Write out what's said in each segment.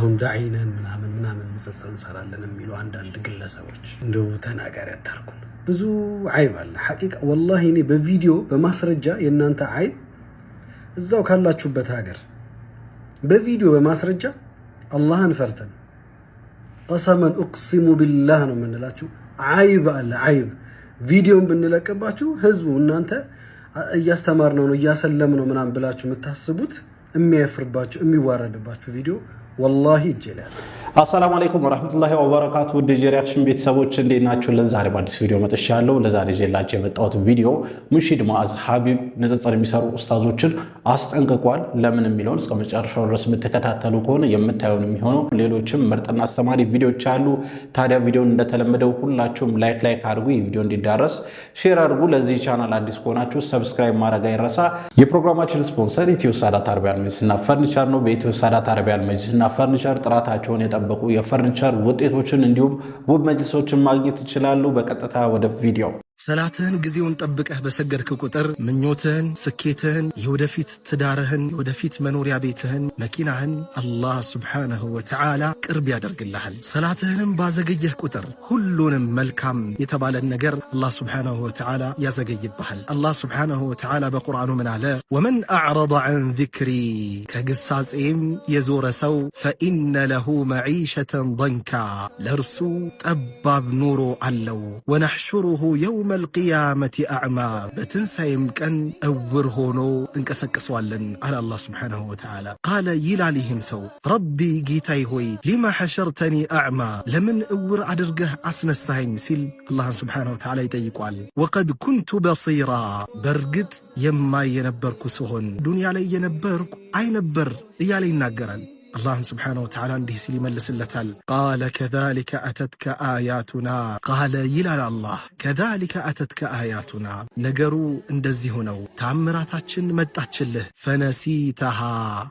አሁን ዳዒነን ምናምን ምናምን ምጽጽር እንሰራለን የሚሉ አንዳንድ ግለሰቦች እንደ ተናጋሪ አታርጉን። ብዙ አይብ አለ ሐቂቃ ወላሂ። እኔ በቪዲዮ በማስረጃ የእናንተ አይብ እዛው ካላችሁበት ሀገር በቪዲዮ በማስረጃ አላህን ፈርተን ቀሰመን እቅሲሙ ቢላህ ነው የምንላችሁ። አይብ አለ አይብ። ቪዲዮን ብንለቅባችሁ ህዝቡ እናንተ እያስተማርነው ነው ነው ምናምን ብላችሁ የምታስቡት የሚያፍርባችሁ የሚዋረድባችሁ ቪዲዮ Vallahi celal. አሰላሙ አለይኩም ወራህመቱላሂ ወበረካቱ ውድ ጀሪያችን ቤተሰቦች እንዴት ናችሁ? ለዛሬ በአዲስ ቪዲዮ መጥቻለሁ። ለዛሬ ጀላቸው የመጣሁት ቪዲዮ ሙንሺድ ሙአዝ ሀቢብ ንጽጽር የሚሰሩ ኡስታዞችን አስጠንቅቋል። ለምን የሚለውን እስከ መጨረሻው ድረስ የምትከታተሉ ከሆነ የምታየውን የሚሆነው ሌሎችም ምርጥና አስተማሪ ቪዲዮዎች አሉ። ታዲያ ቪዲዮን እንደተለመደው ሁላችሁም ላይክ ላይክ አድርጉ፣ ይህ ቪዲዮ እንዲዳረስ ሼር አድርጉ። ለዚህ ቻናል አዲስ ከሆናችሁ ሰብስክራይብ ማድረግ አይረሳ። የፕሮግራማችን ስፖንሰር ኢትዮ ሳዳት አረቢያን መጅሊስና ፈርኒቸር ነው። በኢትዮ ሳዳት አረቢያን መጅሊስና ፈርኒቸር ጥራታቸውን የጠ የተጠበቁ የፈርኒቸር ውጤቶችን እንዲሁም ውብ መጅልሶችን ማግኘት ይችላሉ። በቀጥታ ወደ ቪዲዮ ሰላትህን ጊዜውን ጠብቀህ በሰገድክ ቁጥር ምኞትህን፣ ስኬትህን፣ የወደፊት ትዳርህን፣ የወደፊት መኖሪያ ቤትህን፣ መኪናህን አላህ ስብሓነሁ ወተዓላ ቅርብ ያደርግልሃል። ሰላትህንም ባዘገየህ ቁጥር ሁሉንም መልካም የተባለን ነገር አላህ ስብሓነሁ ወተዓላ ያዘገይብሃል። አላህ ስብሓነሁ ወተዓላ በቁርአኑ ምን አለ? ወመን አዕረض ዐን ዚክሪ ከግሳጼም የዞረ ሰው ፈኢነ ለሁ መዒሸተን ضንካ ለእርሱ ጠባብ ኑሮ አለው ወነሕሹሩሁ የውም የውመል ቅያመቲ አዕማ በትንሣኤም ቀን እውር ሆኖ እንቀሰቅሰዋለን አለ አላህ ስብሓንሁ ወተዓላ። ቃለ ይላል ይህም ሰው ረቢ ጌታይ ሆይ ሊማ ሐሸርተኒ አዕማ ለምን እውር አድርገህ አስነሳኸኝ ሲል አላህን ስብሓንሁ ወተዓላ ይጠይቋል። ወቀድ ኩንቱ በሲራ በርግጥ የማይ የነበርኩ ስሆን ዱንያ ላይ የነበርኩ አይነበር እያለ ይናገራል። አላህም ስብሓነሁ ወተዓላ እንዲህ ሲል ይመልስለታል። ቃለ ከዛሊከ አተትከ አያቱና ቃለ ይላል አላህ ከዛሊከ አተትከ አያቱና ነገሩ እንደዚሁ ነው፣ ታምራታችን መጣችልህ። ፈነሲተሃ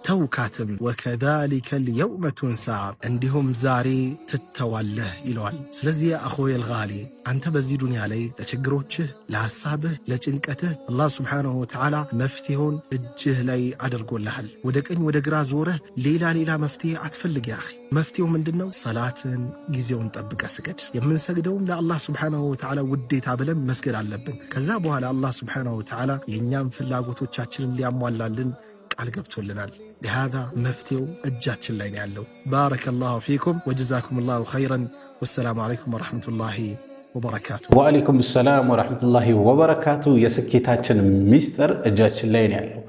ተውካትም፣ ወከዛሊከ ልየውመ ቱንሳ እንዲሁም ዛሬ ትተዋለህ ይለዋል። ስለዚህ አኾየል ጋሊ አንተ በዚህ ዱንያ ላይ ለችግሮችህ፣ ለሐሳብህ፣ ለጭንቀትህ አላህ ስብሓነሁ ወተዓላ መፍትሄውን እጅህ ላይ አድርጎልሃል። ወደ ቀኝ ወደ ግራ ዞረህ ሌላ ሌላ ሌላ መፍትሄ አትፈልግ ያ መፍትሄው ምንድን ነው? ሰላትን ጊዜውን ጠብቀ ስገድ። የምንሰግደውም ለአላህ ስብሓናሁ ወተዓላ ውዴታ ብለን መስገድ አለብን። ከዛ በኋላ አላህ ስብሓናሁ ወተዓላ የእኛም ፍላጎቶቻችንን ሊያሟላልን ቃል ገብቶልናል። ለሃዛ መፍትሄው እጃችን ላይ ነው ያለው። ባረከላሁ ፊኩም ወጀዛኩሙላሁ ላሁ ኸይረን። ወሰላሙ አለይኩም ወረሕመቱላሂ ወበረካቱ ወአለይኩም ሰላም ወረሕመቱላሂ ወበረካቱ። የስኬታችን ሚስጥር እጃችን ላይ ነው ያለው።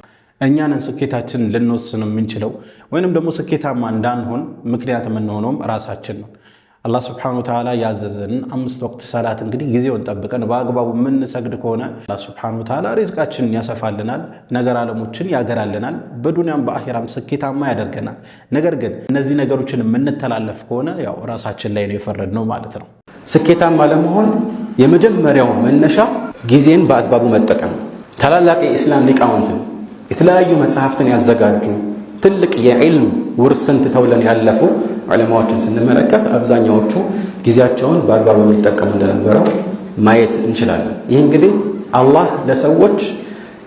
እኛንን ስኬታችን ልንወስን የምንችለው ወይንም ደግሞ ስኬታማ እንዳንሆን ምክንያት የምንሆነውም ራሳችን ነው። አላህ ስብሐነሁ ወተዓላ ያዘዘን አምስት ወቅት ሰላት እንግዲህ ጊዜውን ጠብቀን በአግባቡ የምንሰግድ ከሆነ አላህ ስብሐነሁ ወተዓላ ሪዝቃችንን ያሰፋልናል፣ ነገር ዓለሞችን ያገራልናል፣ በዱንያም በአሄራም ስኬታማ ያደርገናል። ነገር ግን እነዚህ ነገሮችን የምንተላለፍ ከሆነ ያው ራሳችን ላይ ነው የፈረድነው ማለት ነው። ስኬታማ ለመሆን የመጀመሪያው መነሻ ጊዜን በአግባቡ መጠቀም ታላላቅ የኢስላም ሊቃውንትን የተለያዩ መጽሐፍትን ያዘጋጁ ትልቅ የዕልም ውርስን ትተውለን ያለፉ ዑለማዎችን ስንመለከት አብዛኛዎቹ ጊዜያቸውን በአግባቡ የሚጠቀሙ እንደነበረው ማየት እንችላለን። ይህ እንግዲህ አላህ ለሰዎች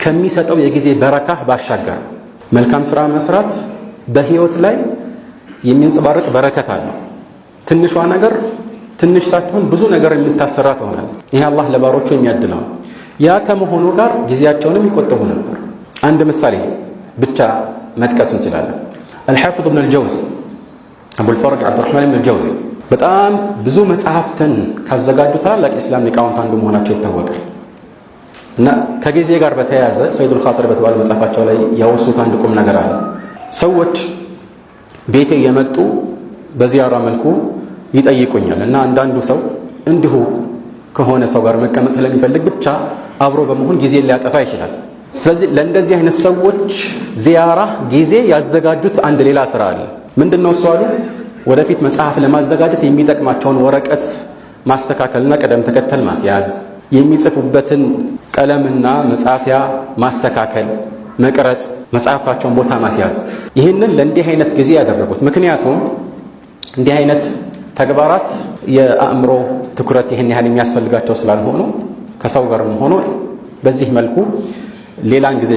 ከሚሰጠው የጊዜ በረካ ባሻገር መልካም ስራ መስራት በህይወት ላይ የሚንጸባረቅ በረከት አለው። ትንሿ ነገር ትንሽ ሳትሆን ብዙ ነገር የምታሰራ ትሆናል። ይህ አላህ ለባሮቹ የሚያድለው ያ ከመሆኑ ጋር ጊዜያቸውንም ይቆጥቡ ነበር። አንድ ምሳሌ ብቻ መጥቀስ እንችላለን። አልሐፊዝ ብን አልጀውዚ አቡልፈረጅ ዓብዱራሕማን ብን አልጀውዚ በጣም ብዙ መጽሐፍትን ካዘጋጁ ታላላቅ የእስላም ሊቃውንት አንዱ መሆናቸው ይታወቃል። እና ከጊዜ ጋር በተያያዘ ሰይዱል ኻጢር በተባለ መጽሐፋቸው ላይ ያወሱት አንድ ቁም ነገር አለ። ሰዎች ቤቴ የመጡ በዚያራ መልኩ ይጠይቁኛል እና አንዳንዱ ሰው እንዲሁ ከሆነ ሰው ጋር መቀመጥ ስለሚፈልግ ብቻ አብሮ በመሆን ጊዜን ሊያጠፋ ይችላል። ስለዚህ ለእንደዚህ አይነት ሰዎች ዚያራ ጊዜ ያዘጋጁት አንድ ሌላ ስራ አለ። ምንድን ነው እሱ? አሉ ወደፊት መጽሐፍ ለማዘጋጀት የሚጠቅማቸውን ወረቀት ማስተካከልና ቅደም ተከተል ማስያዝ፣ የሚጽፉበትን ቀለምና መጻፊያ ማስተካከል፣ መቅረጽ፣ መጽሐፋቸውን ቦታ ማስያዝ። ይህንን ለእንዲህ አይነት ጊዜ ያደረጉት ምክንያቱም እንዲህ አይነት ተግባራት የአእምሮ ትኩረት ይህን ያህል የሚያስፈልጋቸው ስላልሆኑ ከሰው ጋርም ሆኖ በዚህ መልኩ ሌላን ጊዜ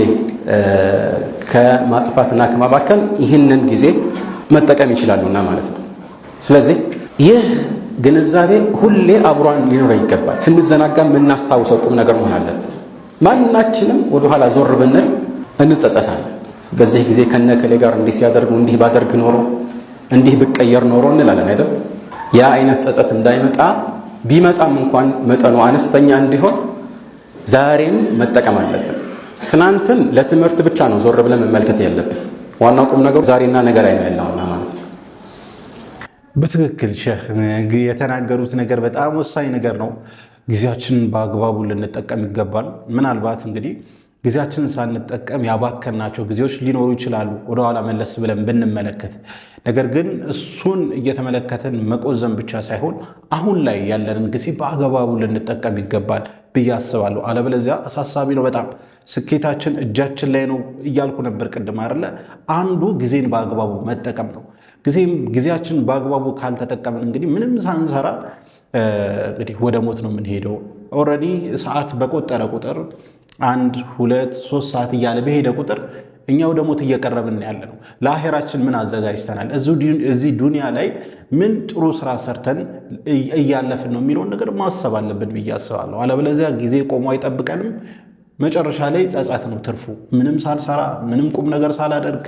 ከማጥፋትና ከማባከል ይህንን ጊዜ መጠቀም ይችላሉና ማለት ነው። ስለዚህ ይህ ግንዛቤ ሁሌ አብሯን ሊኖረን ይገባል። ስንዘናጋ የምናስታውሰው ቁም ነገር መሆን አለበት። ማናችንም ወደኋላ ዞር ብንል እንጸጸታለን። በዚህ ጊዜ ከሌ ጋር እንዲህ ሲያደርጉ እንዲህ ባደርግ ኖሮ እንዲህ ብቀየር ኖሮ እንላለን አይደል? ያ አይነት ጸጸት እንዳይመጣ ቢመጣም እንኳን መጠኑ አነስተኛ እንዲሆን ዛሬም መጠቀም አለብን። ትናንትን ለትምህርት ብቻ ነው ዞር ብለን መመልከት ያለብን። ዋናው ቁም ነገሩ ዛሬና ነገ ላይ ነው ያለውና ማለት ነው። በትክክል ሼህ የተናገሩት ነገር በጣም ወሳኝ ነገር ነው። ጊዜያችንን በአግባቡ ልንጠቀም ይገባል። ምናልባት እንግዲህ ጊዜያችንን ሳንጠቀም ያባከናቸው ጊዜዎች ሊኖሩ ይችላሉ፣ ወደኋላ መለስ ብለን ብንመለከት። ነገር ግን እሱን እየተመለከተን መቆዘም ብቻ ሳይሆን አሁን ላይ ያለንን ጊዜ በአግባቡ ልንጠቀም ይገባል። ብዬ አስባለሁ። አለበለዚያ አሳሳቢ ነው በጣም ስኬታችን እጃችን ላይ ነው እያልኩ ነበር ቅድም አይደለ? አንዱ ጊዜን በአግባቡ መጠቀም ነው። ጊዜያችን በአግባቡ ካልተጠቀምን እንግዲህ ምንም ሳንሰራ እንግዲህ ወደ ሞት ነው የምንሄደው። ኦልሬዲ ሰዓት በቆጠረ ቁጥር አንድ ሁለት ሶስት ሰዓት እያለ በሄደ ቁጥር እኛ ወደ ሞት እየቀረብን ያለ ነው። ለአሄራችን ምን አዘጋጅተናል? እዚህ ዱንያ ላይ ምን ጥሩ ስራ ሰርተን እያለፍን ነው የሚለውን ነገር ማሰብ አለብን ብዬ አስባለሁ። አለበለዚያ ጊዜ ቆሞ አይጠብቀንም። መጨረሻ ላይ ጸጸት ነው ትርፉ። ምንም ሳልሰራ ምንም ቁም ነገር ሳላደርግ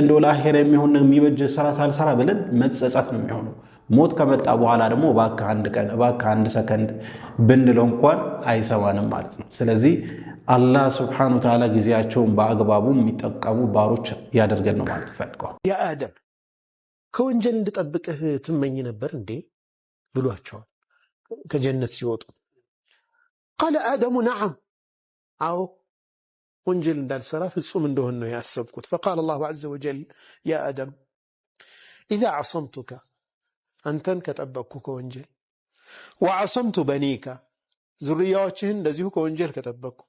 እንደው ለአሄር የሚሆን የሚበጅ ስራ ሳልሰራ ብለን መጸጸት ነው የሚሆነው። ሞት ከመጣ በኋላ ደግሞ እባክህ አንድ ቀን እባክህ አንድ ሰከንድ ብንለው እንኳን አይሰማንም ማለት ነው። ስለዚህ አላህ ስብሓነ ወተዓላ ጊዜያቸውን በአግባቡ የሚጠቀሙ ባሮች ያደርገን ነው ማለት ፈልገዋል። ያ አደም ከወንጀል እንድጠብቅህ ትመኝ ነበር እንዴ ብሏቸዋል። ከጀነት ሲወጡ ቃለ አደሙ ነዓም፣ አዎ ወንጀል እንዳልሰራ ፍጹም እንደሆን ነው ያሰብኩት። ፈቃለ አላሁ ዐዘ ወጀል ያ አደም ኢዛ ዐሰምቱከ አንተን ከጠበቅኩ ከወንጀል ወዐሰምቱ በኒከ ዙርያዎችህን እንደዚሁ ከወንጀል ከጠበቅኩ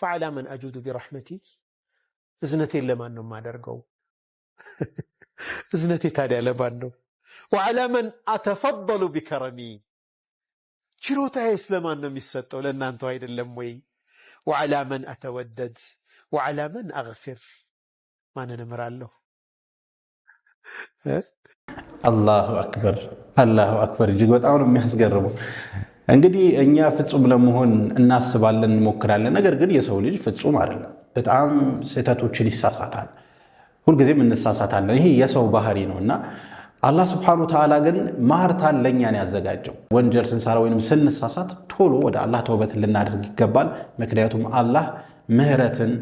ፈዓላ መን አጁዱ ቢረሕመቲ እዝነቴን ለማን ነው የማደርገው? እዝነቴ ታዲያ ለማን ነው? ወዓላ መን አተፈደሉ ቢከረሚ ችሮታዬስ ለማን ነው የሚሰጠው? ለእናንተው አይደለም ወይ? ወዓላ መን አተወደድ ወዓላ መን አግፊር ማንን እምራለሁ? አላሁ አክበር አላሁ አክበር። እጅግ በጣም ነው የሚያስገርመው። እንግዲህ እኛ ፍጹም ለመሆን እናስባለን፣ እንሞክራለን። ነገር ግን የሰው ልጅ ፍጹም አይደለም። በጣም ስህተቶችን ይሳሳታል። ሁልጊዜም እንሳሳታለን። ይሄ የሰው ባህሪ ነው እና አላህ ስብሐነሁ ተዓላ ግን ማርታን ለእኛን ያዘጋጀው ወንጀል ስንሰራ ወይም ስንሳሳት ቶሎ ወደ አላህ ተውበትን ልናደርግ ይገባል። ምክንያቱም አላህ ምህረትን፣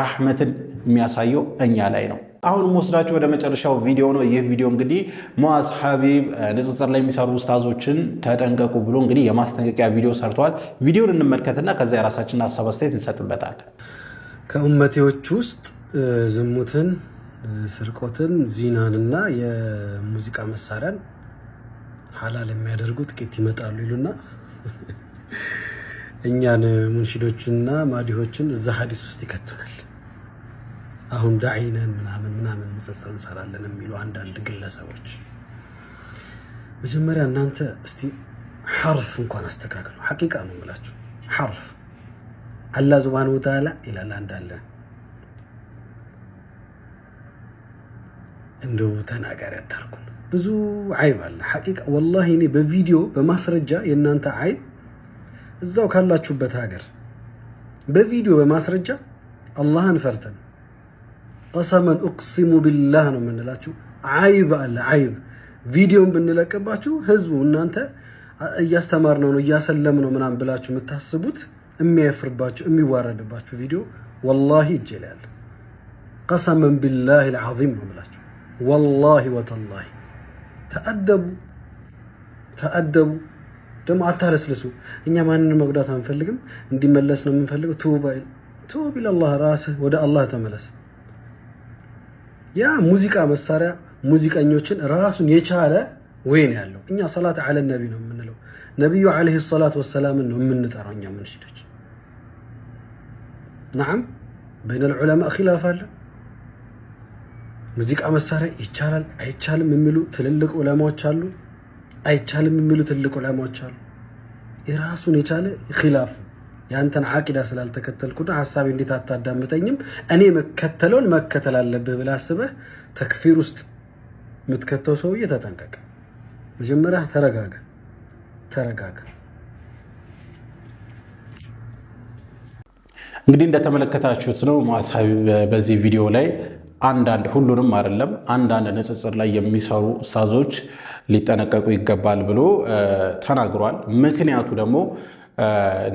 ራህመትን የሚያሳየው እኛ ላይ ነው። አሁን ወስዳችሁ ወደ መጨረሻው ቪዲዮ ነው። ይህ ቪዲዮ እንግዲህ ሙአዝ ሀቢብ ንጽጽር ላይ የሚሰሩ ውስታዞችን ተጠንቀቁ ብሎ እንግዲህ የማስጠንቀቂያ ቪዲዮ ሰርተዋል። ቪዲዮን እንመልከትና ከዛ የራሳችንን ሀሳብ አስተያየት እንሰጥበታለን። ከኡመቴዎች ውስጥ ዝሙትን፣ ስርቆትን፣ ዚናንና የሙዚቃ መሳሪያን ሀላል የሚያደርጉ ጥቂት ይመጣሉ ይሉና እኛን ሙንሺዶችንና ማዲሆችን እዛ ሀዲስ ውስጥ ይከቱናል። አሁን ዳዒነን ምናምን ምናምን ምጽጽር እንሰራለን የሚሉ አንዳንድ ግለሰቦች መጀመሪያ እናንተ እስቲ ሐርፍ እንኳን አስተካክሉ። ሐቂቃ ነው ብላችሁ ሐርፍ አላ ዙባን ወተዓላ ይላል። አንዳለ እንደው ተናጋሪ አታርጉን። ብዙ አይብ አለ። ሐቂቃ ወላሂ እኔ በቪዲዮ በማስረጃ የእናንተ አይብ እዛው ካላችሁበት ሀገር በቪዲዮ በማስረጃ አላህን ፈርተን ቀሰመን ኡቅሲሙ ቢላህ ነው የምንላችሁ። አይብ አለ አይብ። ቪዲዮን ብንለቅባችሁ ህዝቡ እናንተ እያስተማር ነው እያሰለም ነው ምናምን ብላችሁ የምታስቡት የሚያፍርባችሁ የሚዋረድባችሁ ቪዲዮ ወላሂ ይጀላል። ቀሰመን ቢላህ ልዓዚም ነው የምላችሁ። ወላሂ ወተላሂ ተአደቡ ተአደቡ። ደግሞ አታለስልሱ። እኛ ማንን መጉዳት አንፈልግም፣ እንዲመለስ ነው የምንፈልገው። ቱብ ኢለላህ፣ ራስህ ወደ አላህ ተመለስ። ያ ሙዚቃ መሳሪያ ሙዚቀኞችን ራሱን የቻለ ወይ ነው ያለው። እኛ ሰላት አለ ነቢ ነው የምንለው። ነቢዩ ዓለይሂ ሰላት ወሰላምን ነው የምንጠራው እኛ ምንሽዶች። ናም በይነ ልዑለማ ኪላፍ አለ። ሙዚቃ መሳሪያ ይቻላል አይቻልም የሚሉ ትልልቅ ዑለማዎች አሉ፣ አይቻልም የሚሉ ትልልቅ ዑለማዎች አሉ። የራሱን የቻለ ኪላፍ ነው። ያንተን አቂዳ ስላልተከተልኩና ሀሳቢ እንዴት አታዳምጠኝም? እኔ መከተለውን መከተል አለብህ ብለህ አስበህ ተክፊር ውስጥ የምትከተው ሰውዬ ተጠንቀቀ። መጀመሪያ ተረጋጋ፣ ተረጋጋ። እንግዲህ እንደተመለከታችሁት ነው ማሳቢ በዚህ ቪዲዮ ላይ አንዳንድ ሁሉንም አይደለም አንዳንድ ንጽጽር ላይ የሚሰሩ ኡስታዞች ሊጠነቀቁ ይገባል ብሎ ተናግሯል። ምክንያቱ ደግሞ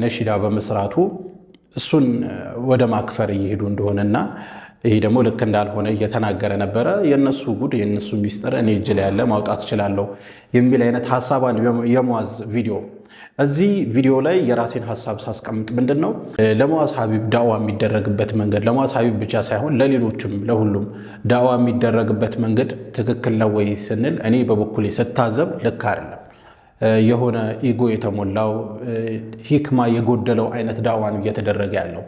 ነሺዳ በመስራቱ እሱን ወደ ማክፈር እየሄዱ እንደሆነና ይሄ ደግሞ ልክ እንዳልሆነ እየተናገረ ነበረ። የእነሱ ጉድ የእነሱ ሚስጥር እኔ እጅ ላይ ያለ ማውጣት እችላለሁ የሚል አይነት ሀሳቧን የመዋዝ ቪዲዮ እዚህ ቪዲዮ ላይ የራሴን ሀሳብ ሳስቀምጥ ምንድን ነው ለመዋዝ ሀቢብ ዳዋ የሚደረግበት መንገድ ለመዋዝ ሀቢብ ብቻ ሳይሆን ለሌሎችም ለሁሉም ዳዋ የሚደረግበት መንገድ ትክክል ነው ወይ ስንል እኔ በበኩሌ ስታዘብ ልክ አይደለም። የሆነ ኢጎ የተሞላው ሂክማ የጎደለው አይነት ዳዋን እየተደረገ ያለው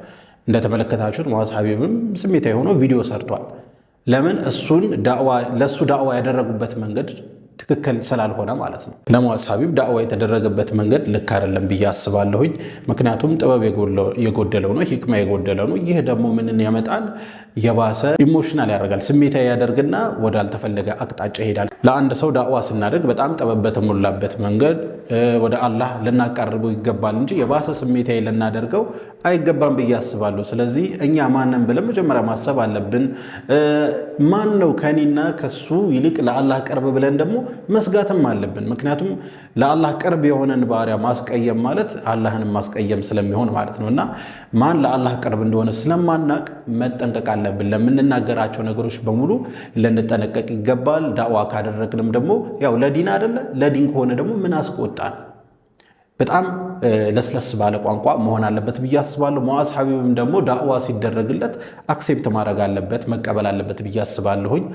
እንደተመለከታችሁት ሙአዝ ሀቢብም ስሜታ የሆነው ቪዲዮ ሰርቷል። ለምን እሱን ለእሱ ዳዕዋ ያደረጉበት መንገድ ትክክል ስላልሆነ ማለት ነው። ለሙአዝ ሀቢብ የተደረገበት መንገድ ልክ አይደለም ብዬ አስባለሁኝ። ምክንያቱም ጥበብ የጎደለው ነው፣ ሂክማ የጎደለው ነው። ይህ ደግሞ ምንን ያመጣል? የባሰ ኢሞሽናል ያደርጋል፣ ስሜታዊ ያደርግና ወዳልተፈለገ አቅጣጫ ይሄዳል። ለአንድ ሰው ዳዕዋ ስናደርግ በጣም ጥበብ በተሞላበት መንገድ ወደ አላህ ልናቀርበው ይገባል እንጂ የባሰ ስሜታዊ ልናደርገው አይገባም ብዬ አስባለሁ። ስለዚህ እኛ ማንን ብለን መጀመሪያ ማሰብ አለብን። ማን ነው ከኔና ከሱ ይልቅ ለአላህ ቀርብ ብለን ደግሞ መስጋትም አለብን። ምክንያቱም ለአላህ ቅርብ የሆነን ባሪያ ማስቀየም ማለት አላህን ማስቀየም ስለሚሆን ማለት ነው። እና ማን ለአላህ ቅርብ እንደሆነ ስለማናቅ መጠንቀቅ አለብን። ለምንናገራቸው ነገሮች በሙሉ ልንጠነቀቅ ይገባል። ዳዋ ካደረግንም ደግሞ ያው ለዲን አይደለ? ለዲን ከሆነ ደግሞ ምን አስቆጣል? በጣም ለስለስ ባለ ቋንቋ መሆን አለበት ብዬ አስባለሁ። ሙአዝ ሀቢብም ደግሞ ዳዕዋ ሲደረግለት አክሴፕት ማድረግ አለበት መቀበል አለበት ብዬ አስባለሁኝ።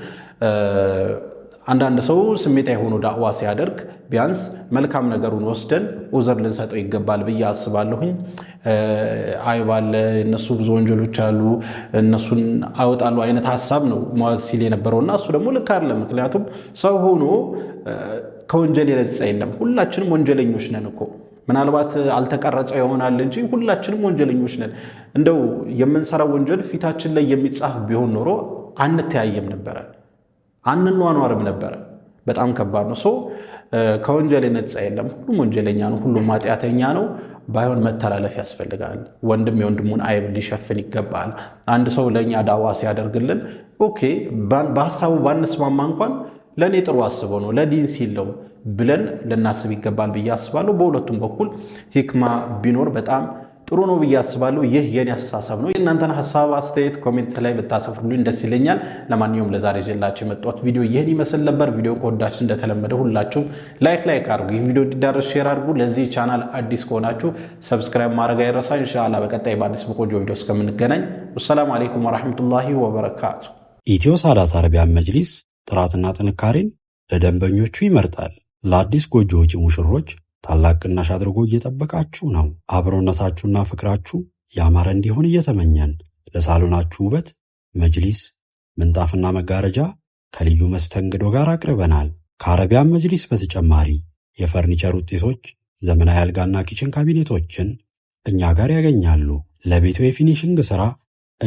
አንዳንድ ሰው ስሜታዊ ሆኖ ዳዕዋ ሲያደርግ ቢያንስ መልካም ነገሩን ወስደን ኡዘር ልንሰጠው ይገባል ብዬ አስባለሁኝ። አይባለ እነሱ ብዙ ወንጀሎች አሉ እነሱን አወጣሉ አይነት ሀሳብ ነው ሙዓዝ ሲል እና እሱ ደግሞ ልክ አይደለም። ምክንያቱም ሰው ሆኖ ከወንጀል የነጻ የለም። ሁላችንም ወንጀለኞች ነን እኮ ምናልባት አልተቀረጸ ይሆናል እንጂ ሁላችንም ወንጀለኞች ነን። እንደው የምንሰራው ወንጀል ፊታችን ላይ የሚጻፍ ቢሆን ኖሮ አንተያየም ነበረ። አንኗኗርም ነበረ። በጣም ከባድ ነው። ሰው ከወንጀል የነጻ የለም። ሁሉም ወንጀለኛ ነው። ሁሉም ኃጢአተኛ ነው። ባይሆን መተላለፍ ያስፈልጋል። ወንድም የወንድሙን አይብ ሊሸፍን ይገባል። አንድ ሰው ለእኛ ዳዋ ሲያደርግልን ኦኬ፣ በሀሳቡ ባንስማማ እንኳን ለእኔ ጥሩ አስበው ነው ለዲን ሲለው ብለን ልናስብ ይገባል ብዬ አስባለሁ። በሁለቱም በኩል ሂክማ ቢኖር በጣም ጥሩ ነው ብዬ አስባለሁ። ይህ የኔ አስተሳሰብ ነው። የእናንተን ሀሳብ አስተያየት ኮሜንት ላይ ብታሰፍሩልኝ ደስ ይለኛል። ለማንኛውም ለዛሬ ይዤላችሁ የመጣሁት ቪዲዮ ይህን ይመስል ነበር። ቪዲዮ ከወዳችሁ እንደተለመደ ሁላችሁም ላይክ ላይክ አድርጉ። ይህ ቪዲዮ እንዲዳረስ ሼር አድርጉ። ለዚህ ቻናል አዲስ ከሆናችሁ ሰብስክራይብ ማድረግ አይረሳ። ኢንሻላህ በቀጣይ በአዲስ በቆጆ ቪዲዮ እስከምንገናኝ ወሰላሙ አሌይኩም ወረሕመቱላሂ ወበረካቱ። ኢትዮ ሳዳት አረቢያን መጅሊስ ጥራትና ጥንካሬን ለደንበኞቹ ይመርጣል። ለአዲስ ጎጆዎች ሙሽሮች ታላቅ ቅናሽ አድርጎ እየጠበቃችሁ ነው። አብሮነታችሁና ፍቅራችሁ ያማረ እንዲሆን እየተመኘን ለሳሎናችሁ ውበት መጅሊስ፣ ምንጣፍና መጋረጃ ከልዩ መስተንግዶ ጋር አቅርበናል። ከአረቢያን መጅሊስ በተጨማሪ የፈርኒቸር ውጤቶች፣ ዘመናዊ አልጋና ኪችን ካቢኔቶችን እኛ ጋር ያገኛሉ። ለቤቱ የፊኒሽንግ ሥራ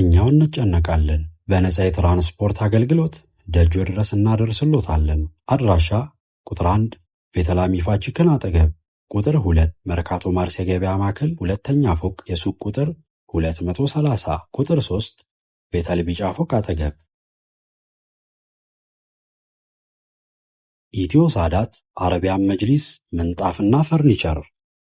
እኛው እንጨነቃለን። በነፃ የትራንስፖርት አገልግሎት ደጆ ድረስ እናደርስሎታለን። አድራሻ ቁጥር 1 ቤተላሚፋ ቺክን አጠገብ ቁጥር 2 መርካቶ ማርስ የገበያ ማዕከል ሁለተኛ ፎቅ የሱቅ ቁጥር 230 ቁጥር 3 ቤተል ቢጫ ፎቅ አጠገብ ኢትዮ ሳዳት አረቢያን መጅሊስ ምንጣፍና ፈርኒቸር